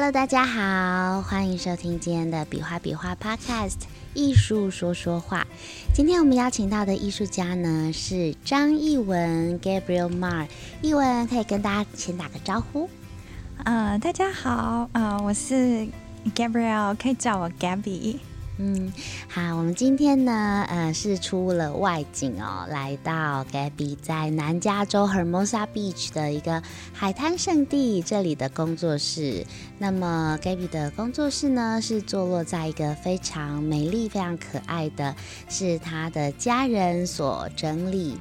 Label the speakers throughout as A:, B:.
A: Hello，大家好，歡迎收聽今天的比劃比畫 Podcast，藝術說說話。今天我們邀請到的藝術家呢是張亦文 Gabrielle Mar，亦文可以跟大家先打個招呼。嗯、呃，大家好，嗯、呃，我是 Gabrielle，可以叫我 Gabby。嗯，好，我們今天呢，呃，是出了外景哦，來到 Gaby 在南加州 Hermosa Beach 的一個海灘勝地，這裡的工作室。那麼 Gaby 的工作室呢，是坐落在一個非常美麗、非常可愛的，是她的家人所整理。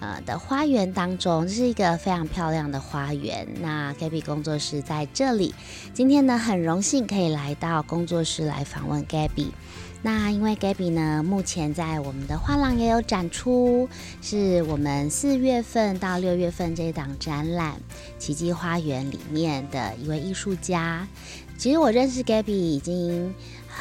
A: 呃的花園當中，這是一個非常漂亮的花園。那 Gaby 工作室在這裡，今天呢很榮幸可以來到工作室來訪問 Gaby。那因為 Gaby 呢，目前在我們的畫廊也有展出，是我們四月份到六月份這一檔展覽《奇跡花園》裡面的一位藝術家。其實我認識 Gaby 已經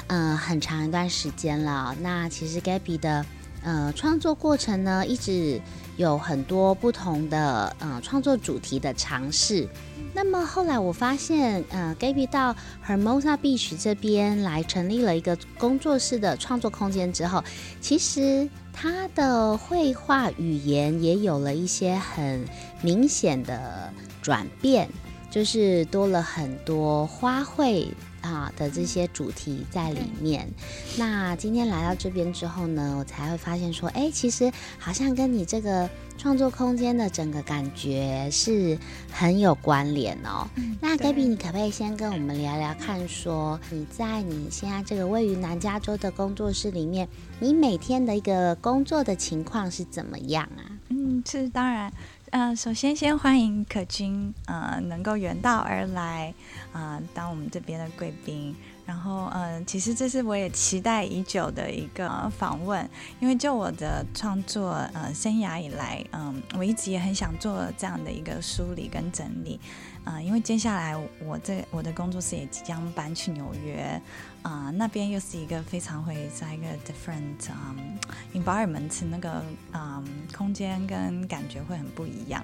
A: 嗯、呃、很長一段時間了。那其實 Gaby 的，呃，創作過程呢，一直有很多不同的呃創作主題的嘗試。那麼後來我發現，呃，Gaby 到 Hermosa Beach 這邊來成立了一個工作室的創作空間之後，其實他的繪畫語言也有了一些很明顯的轉變，就是多了很多花卉。好的這些主題在裡面。嗯，那今天來到這邊之後呢，我才會發現說，哎，其實好像跟你這個創作空間的整個感覺是很有關聯哦。嗯，那 Gaby 你可不可以先跟我們聊聊看，說你在你現在這個位於南加州的工作室裡面，你每天的一個工作的情況是怎麼樣啊？嗯，是當然。嗯、呃，首先先歡迎可君，嗯、呃，能夠遠
B: 道而來，啊、呃，當我們這邊的貴賓。然後，呃，其實這是我也期待已久的一個訪問，因為就我的創作，嗯、呃，生涯以來，嗯、呃，我一直也很想做這樣的一個梳理跟整理，嗯、呃，因為接下來我這我，我的工作室也即將搬去紐約，啊、呃，那邊又是一個非常會在一個 different，嗯、um，environment 那個，嗯，空間跟感覺會很不一樣，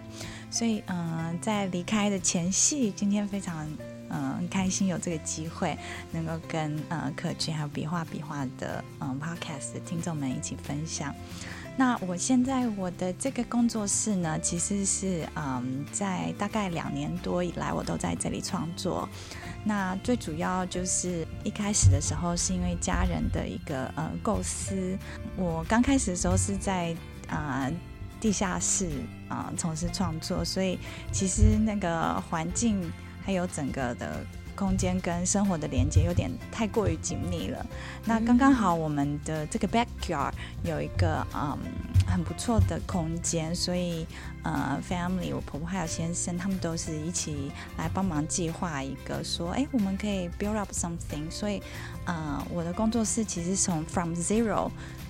B: 所以，嗯、呃，在離開的前夕，今天非常。嗯，很開心有這個機會能夠跟呃、嗯、可君還有比劃比畫的嗯 podcast 的聽眾們一起分享。那我現在我的這個工作室呢，其實是嗯，在大概兩年多以來，我都在這裡創作。那最主要就是一開始的時候，是因為家人的一個呃構思。我剛開始的時候是在啊、呃、地下室啊、呃、從事創作，所以其實那個環境。還有整個的空間跟生活的連接有點太過於緊密了。那剛剛好，我們的這個 backyard 有一個嗯、um, 很不錯的空間，所以呃、uh, family 我婆婆還有先生他們都是一起來幫忙計劃一個說，哎，我們可以 build up something。所以呃、uh, 我的工作室其實是從 from zero。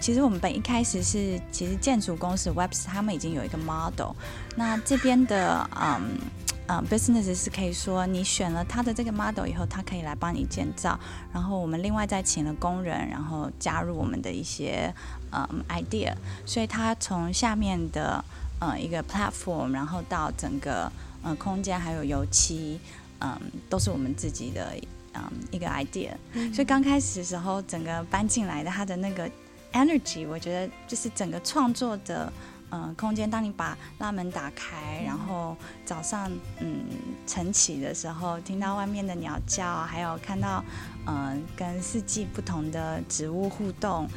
B: 其實我們本一開始是，其實建築公司 Webbs 他們已經有一個 model。那這邊的嗯嗯 business 是可以說你選了他的這個 model 以後，他可以來幫你建造，然後我們另外再請了工人，然後加入我們的一些嗯 idea，所以他從下面的嗯一個 platform，然後到整個嗯空間還有油漆嗯都是我們自己的嗯一個 idea，嗯、所以剛開始的時候，整個搬進來的他的那個。energy，我覺得就是整個創作的嗯、呃、空間。當你把拉門打開，然後早上嗯晨起的時候，聽到外面的鳥叫，還有看到嗯、呃、跟四季不同的植物互動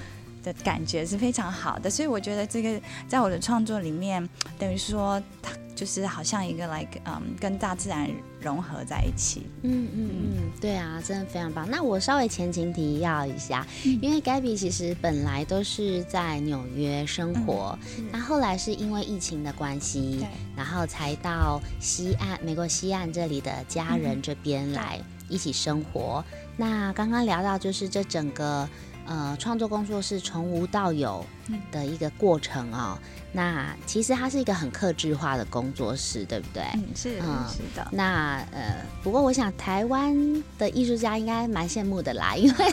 B: 的感覺是非常好的。所以我覺得這個在我的創作裡面，等於說它。
A: 就是好像一個 like 嗯，跟大自然融合在一起。嗯嗯嗯，對啊，真的非常棒。那我稍微前情提要一下，嗯、因為 Gabby 其實本來都是在紐約生活，嗯、那後來是因為疫情的關係、嗯，然後才到西岸，美國西岸這裡的家人這邊來一起生活。嗯、那剛剛聊到就是這整個。呃，創作工作室從無到有的一個過程哦。嗯、那其實它是一個很客製化的工作室，對不對？嗯，是，呃、是的。那呃，不過我想台灣的藝術家應該蠻羨慕的啦，因為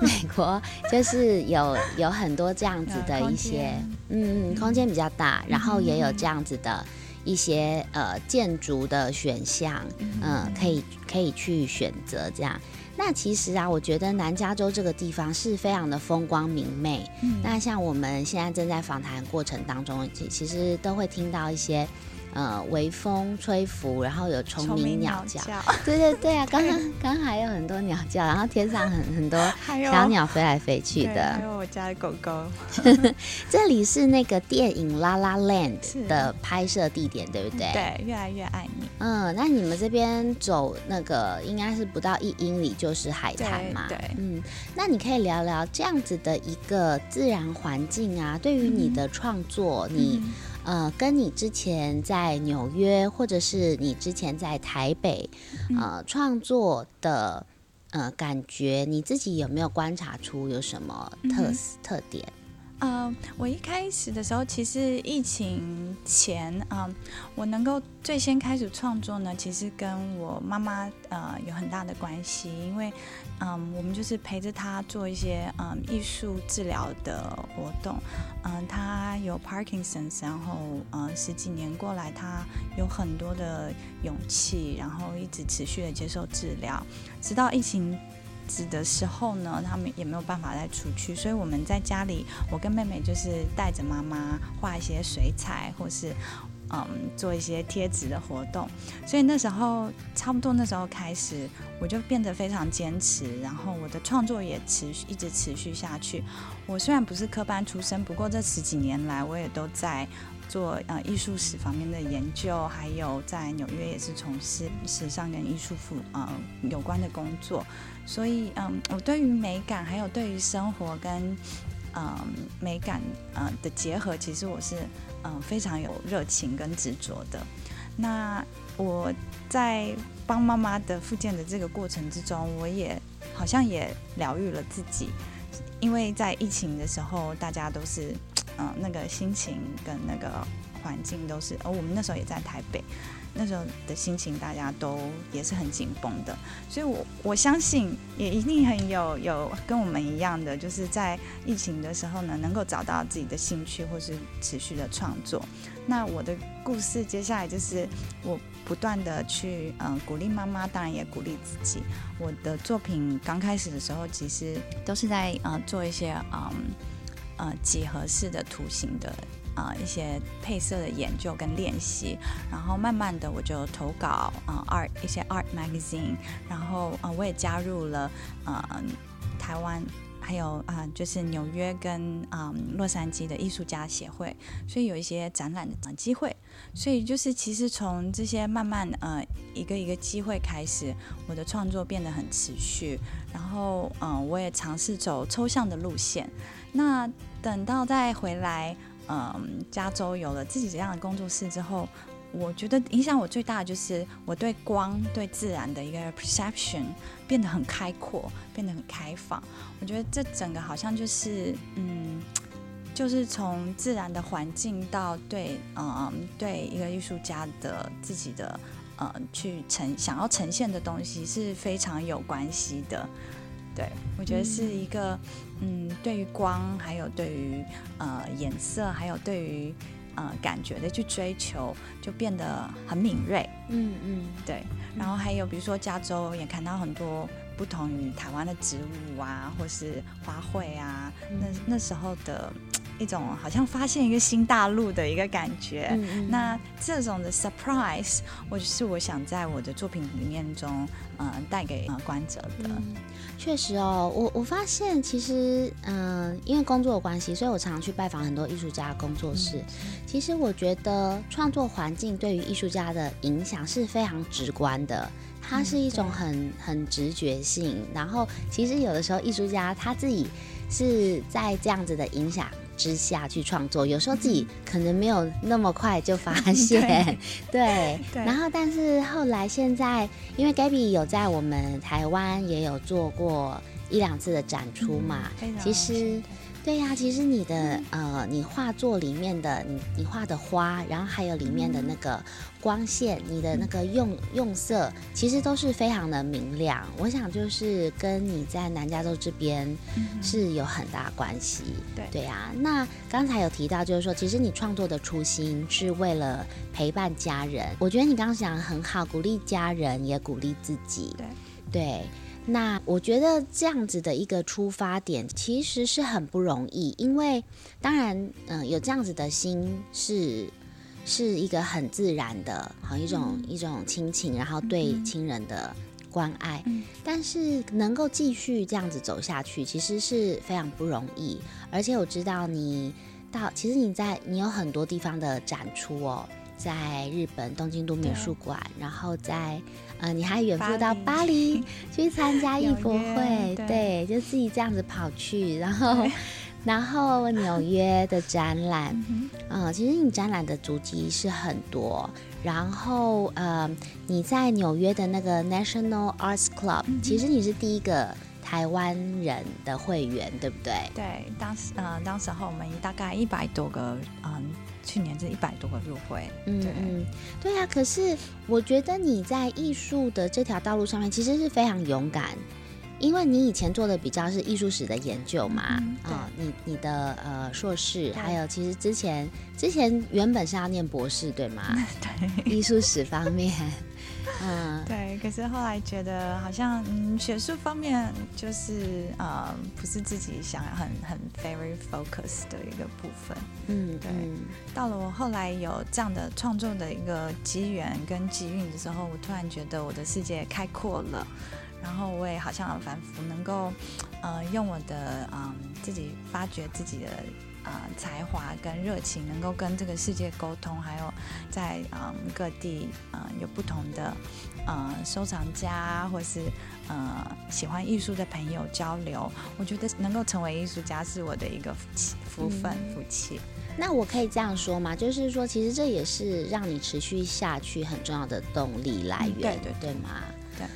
A: 美國就是有 有很多這樣子的一些，嗯，空間比較大，然後也有這樣子的一些呃建築的選項，嗯、呃，可以可以去選擇這樣。那其實啊，我覺得南加州這個地方是非常的風光明媚。嗯，那像我們現在正在訪談過程當中，其實都會聽到一些。呃，微風吹拂，然後有蟲鳴鳥，鳥叫，對對對啊，對剛剛剛還有很多鳥叫，然後天上很很多小鳥飛來飛去的還。
B: 還有我家的狗
A: 狗。 這裡是那個電影《La La Land》的拍攝地點，對不對、嗯？對，越來
B: 越
A: 愛你。嗯，那你們這邊走那個應該是不到一英里就是海灘嘛對？對。嗯，那你可以聊聊這樣子的一個自然環境啊，對於你的創作，嗯、你。嗯呃，跟你之前在紐約，或者是你之前在台北，嗯、呃，創作的呃感覺，你自己有沒有觀察出有什麼特、嗯、特點？
B: 嗯、呃，我一開始的時候，其實疫情前啊，呃，我能夠最先開始創作呢，其實跟我媽媽呃有很大的關係，因為嗯、呃，我們就是陪着她做一些嗯藝術治療的活動，嗯、呃，她有 Parkinson's，然後嗯、呃、十幾年過來，她有很多的勇氣，然後一直持續的接受治療，直到疫情。的時候呢，他們也沒有辦法再出去，所以我們在家裡，我跟妹妹就是帶着媽媽畫一些水彩，或是嗯做一些貼紙的活動。所以那時候差不多那時候開始，我就變得非常堅持，然後我的創作也持續一直持續下去。我雖然不是科班出身，不過這十幾年來，我也都在。做呃藝術史方面的研究，還有在紐約也是從事時尚跟藝術呃有關的工作，所以嗯、呃，我對於美感還有對於生活跟、呃、美感、呃、的結合，其實我是、呃、非常有熱情跟執着的。那我在幫媽媽的復健的這個過程之中，我也好像也療癒了自己，因為在疫情的時候，大家都是。嗯，那個心情跟那個環境都是，哦，我們那時候也在台北，那時候的心情大家都也是很緊繃的，所以我我相信也一定很有有跟我們一樣的，就是在疫情的時候呢，能夠找到自己的興趣或是持續的創作。那我的故事接下來就是我不斷的去嗯，呃，鼓勵媽媽，當然也鼓勵自己。我的作品剛開始的時候，其實都是在嗯，呃，做一些嗯。呃呃，幾何式的圖形的啊、呃，一些配色的研究跟練習，然後慢慢地我就投稿啊、呃、一些 Art Magazine，然後啊、呃，我也加入了呃，台灣還有啊、呃，就是紐約跟啊、呃，洛杉磯的藝術家協會，所以有一些展覽的機會，所以就是其實從這些慢慢呃，一個一個機會開始，我的創作變得很持續，然後嗯、呃，我也嘗試走抽象的路線。那等到再回來，嗯、呃，加州有了自己這樣的工作室之後，我覺得影響我最大的就是我對光、對自然的一個 perception 變得很開闊，變得很開放。我覺得這整個好像就是，嗯，就是從自然的環境到對，嗯、呃，對一個藝術家的自己的，嗯、呃，去呈想要呈現的東西是非常有關係的。對，我覺得是一個，嗯，嗯對於光，還有對於呃顏色，還有對於呃感覺的去追求，就變得很敏銳，嗯嗯，對。然後還有比如說加州也看到很多不同於台灣的植物啊，或是花卉啊，嗯、那那時候的。一種好像發現一個新大陸的一個感覺，嗯、那這種的 surprise，我是我想在我的作品裡面中，呃，帶給觀者的、嗯。
A: 確實哦，我我發現其實，嗯、呃，因為工作的關係，所以我常常去拜訪很多藝術家工作室、嗯。其實我覺得創作環境對於藝術家的影響是非常直觀的，它是一種很、嗯、很直覺性。然後其實有的時候藝術家他自己是在這樣子的影響。之下去創作，有時候自己可能沒有那麼快就發現，對。 對對，然後，但是後來現在，因為 Gaby 有在我們台灣也有做過一兩次的展出嘛，嗯、其實。對呀、啊，其實你的呃，你畫作裡面的你你畫的花，然後還有裡面的那個光線，你的那個用用色，其實都是非常的明亮。我想就是跟你在南加州這邊是有很大關係。嗯、對對呀、啊，那剛才有提到就是說，其實你創作的初心是為了陪伴家人。我覺得你剛剛講的很好，鼓勵家人也鼓勵自己。對對。那我覺得這樣子的一個出發點其實是很不容易，因為當然，嗯、呃，有這樣子的心是是一個很自然的，好一種、嗯、一種親情，然後對親人的關愛、嗯嗯。但是能夠繼續這樣子走下去，其實是非常不容易。而且我知道你到，其實你在你有很多地方的展出哦。在日本東京都美術館，然後在呃，你還遠赴到巴黎，巴黎去參加藝博會，對，對，就自己這樣子跑去，然後然後紐約的展覽嗯，嗯，其實你展覽的足跡是很多，然後呃，你在紐約的那個 National Arts Club，嗯，其實你是第一個。台灣人的會員，對不對？對，當時呃，當
B: 時候我們大概一百多個，
A: 嗯、呃，去
B: 年是一百多個入會，嗯
A: 嗯，對啊。可是我覺得你在藝術的這條道路上面，其實是非常勇敢，因為你以前做的比較是藝術史的研究嘛，啊、嗯呃，你你的呃碩士，還有其實之前之前原本是要念博士，對嗎？對，藝術史方面。 嗯、uh，對。可是後來覺得好像，嗯，
B: 學術方面就是呃，不是自己想要很很 very focus 的一個部分。嗯，
A: 對，
B: 嗯。到了我後來有這樣的創作的一個機緣跟機運的時候，我突然覺得我的世界開闊了，然後我也好像很反覆能夠，呃，用我的，嗯、呃，自己發掘自己的。啊、呃，才華跟熱情能夠跟這個世界溝通，還有在嗯各地嗯、呃、有不同的、呃、收藏家或是嗯、呃、喜歡藝術的朋友交流，我覺得能夠成為藝術家是我的一個福氣
A: 福分、嗯、福氣。那我可以這樣說嗎？就是說，其實這也是讓你持續下去很重要的動力來源，嗯、對，對對對嗎？對，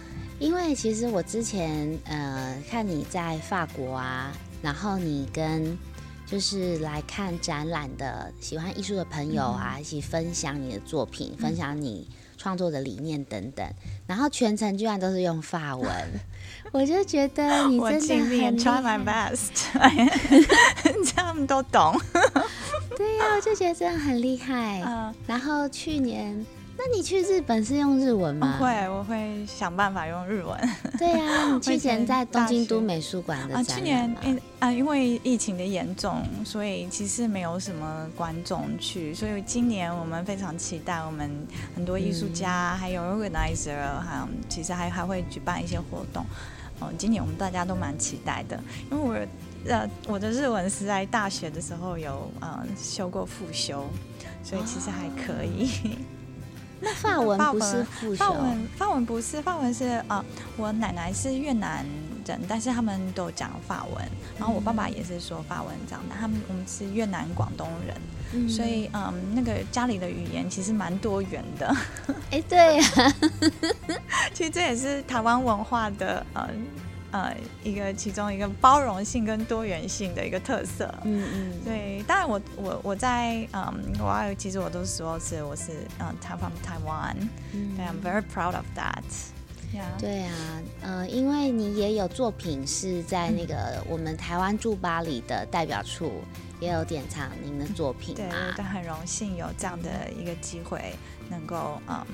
A: 因為其實我之前呃看你在法國啊，然後你跟。就是來看展覽的喜歡藝術的朋友啊、嗯，一起分享你的作品，嗯、分享你創作的理念等等。然後全程居然都是用法文， 我就覺得你真的很厲害。我盡力 try my
B: best，他們都懂。
A: 對呀、啊，我就覺得這樣很厲害。然後去年。那你去日本是用日文嗎、哦？會，
B: 我會想辦法用日文。 對
A: 呀、啊，之去年在東京都美術館的啊，去
B: 年因、哎、啊因為疫情的嚴重，所以其實沒有什麼觀眾去，所以今年我們非常期待，我們很多藝術家、嗯、還有 organizer，還其實還還會舉辦一些活動、哦。今年我們大家都蠻期待的，因為我呃、啊、我的日文是在大學的時候有、啊、修過副修，所以其實還可以。哦那法文，不是法文，法文不是法文是啊、呃，我奶奶是越南人，但是他們都有講法文，然後我爸爸也是說法文講的、嗯，他們我們是越南廣東人，嗯、所以嗯、呃，那個家裡的語言其實蠻多元的，哎、 欸、對、啊， 其實這也是台灣文化的呃。呃，一個其中一個包容性跟多元性的一個特色。嗯嗯。對，當然我我我在嗯，我其實我都說是我是、uh, 方嗯，代表
A: 台灣，I'm very proud of that、yeah.。對啊，呃，因為你也有作品是在那個我們台灣駐巴黎的代表處也有典藏您的作品、嗯、對，我都很榮幸有這樣的一個機會能
B: 夠嗯。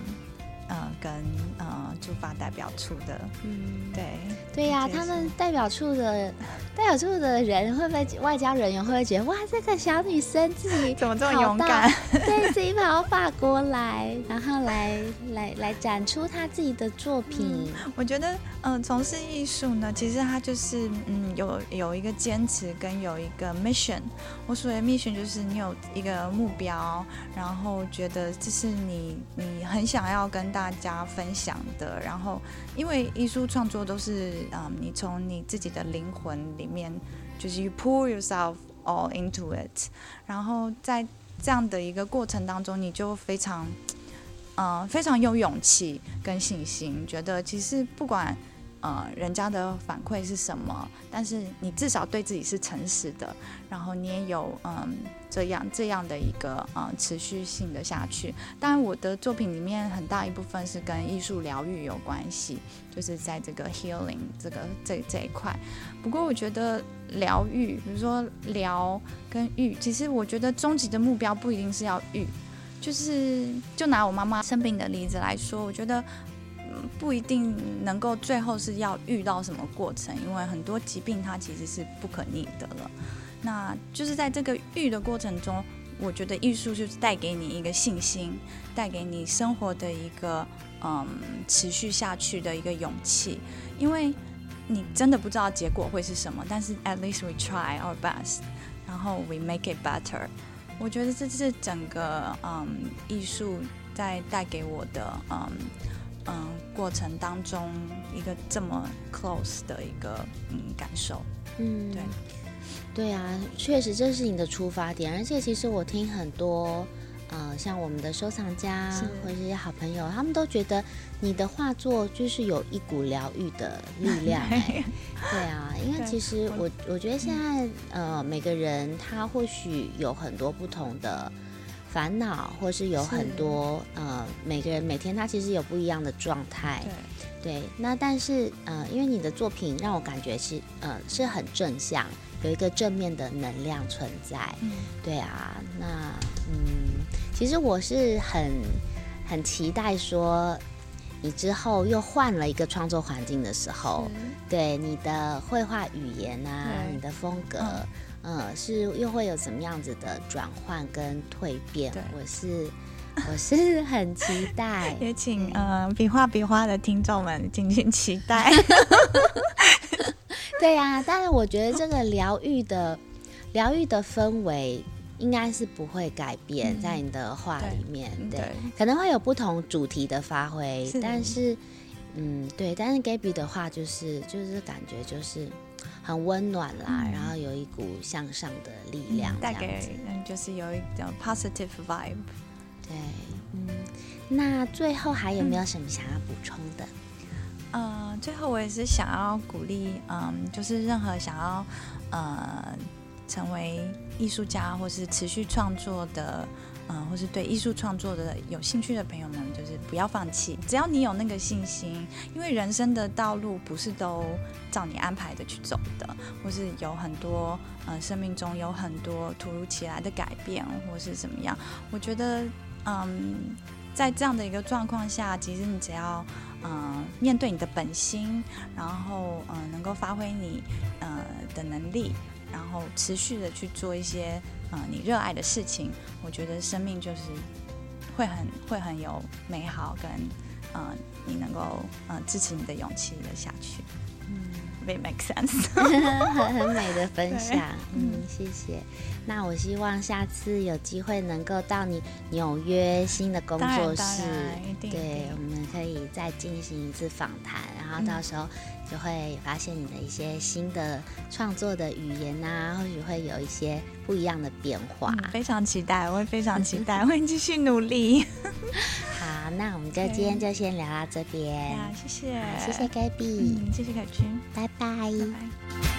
B: 嗯、呃，跟呃駐法代表處的，嗯，對，
A: 對呀、啊就是，他們代表處的代表處的人會不會外交人員會不會覺得哇，這個小女生自己怎麼這麼勇敢？對，自己跑到法國來， 然後來來來展出她自己的作品。嗯、我覺得嗯，從、呃、事
B: 藝術呢，其實它就是嗯有有一個堅持跟有一個 mission。我所謂的 mission 就是你有一個目標，然後覺得這是你你很想要跟。大家分享的，然後因為藝術創作都是，啊、嗯，你從你自己的靈魂裡面，就是 you pour yourself all into it，然後在這樣的一個過程當中，你就非常，嗯，非常有勇氣跟信心，覺得其實不管。呃，人家的反饋是什麼？但是你至少對自己是誠實的，然後你也有嗯、呃、這樣這樣的一個嗯、呃、持續性的下去。當然我的作品裡面很大一部分是跟藝術療癒有關係，就是在這個 healing 這個這這一塊。不過我覺得療癒，比如說療跟癒，其實我覺得終極的目標不一定是要癒，就是就拿我媽媽生病的例子來說，我覺得。不一定能夠最後是要遇到什麼過程，因為很多疾病它其實是不可逆的了。那就是在這個癒的過程中，我覺得藝術就是帶給你一個信心，帶給你生活的一個嗯持續下去的一個勇氣。因為你真的不知道結果會是什麼，但是 at least we try our best，然後 we make it better。我覺得這是整個嗯藝術在帶給我的嗯。嗯，過程當中一個這麼 close 的一個嗯感受，嗯，
A: 對，對啊，確實這是你的出發點，而且其實我聽很多，呃，像我們的收藏家是或者一些好朋友，他們都覺得你的畫作就是有一股療癒的力量。欸對，對啊，因為其實我我，我覺得現在呃每個人他或許有很多不同的。煩惱，或是有很多，呃，每個人每天他其實有不一樣的狀態，對。那但是，呃，因為你的作品讓我感覺是，呃，是很正向，有一個正面的能量存在。嗯、對啊，那，嗯，其實我是很很期待說，你之後又換了一個創作環境的時候，對你的繪畫語言啊、嗯，你的風格。嗯呃、嗯，是又會有什麼樣子的轉換跟蛻變？我是我是很期待，也請呃、嗯、比畫比畫的聽眾們敬請期待。 對呀，啊，但是我覺得這個療癒的療 癒的氛圍應該是不會改變，在你的畫裡面，嗯對，對，可能會有不同主題的發揮，是但是嗯，對，但是 Gaby 的話就是就是感覺就是。很溫暖啦、嗯，然後有一股向上的力量、嗯，帶給、嗯、就是有一種 positive vibe。對，嗯，那最後還有沒有什麼想要補充的？嗯、
B: 呃，最後我也是想要鼓勵，嗯，就是任何想要呃成為藝術家或是持續創作的。嗯、呃，或是對藝術創作的有興趣的朋友們，就是不要放棄。只要你有那個信心，因為人生的道路不是都照你安排的去走的，或是有很多呃生命中有很多突如其來的改變或是怎麼樣。我覺得，嗯、呃，在這樣的一個狀況下，其實你只要嗯、呃、面對你的本心，然後嗯、呃、能夠發揮你的呃的能力，然後持續的去做一些。呃、你熱愛的事情，我覺得生命就是會很會很有美好，跟、呃、你能夠嗯、呃、支持你的勇氣的下去，
A: 嗯 very make sense，很 很美的分享，嗯，謝謝、嗯。那我希望下次有機會能夠到你紐約新的工作室，對，對，我們可以再進行一次訪談，然後到時候、嗯。就會發現你的一些新的創作的語言啊，或許會有一些不一樣的變化。嗯、非常期待，我會非常期待，會 繼續努力。 好，那我們就今天就先聊到這邊，okay. yeah,。謝謝、Gabby，謝謝 Gabby，嗯，謝謝可君，拜拜。Bye bye。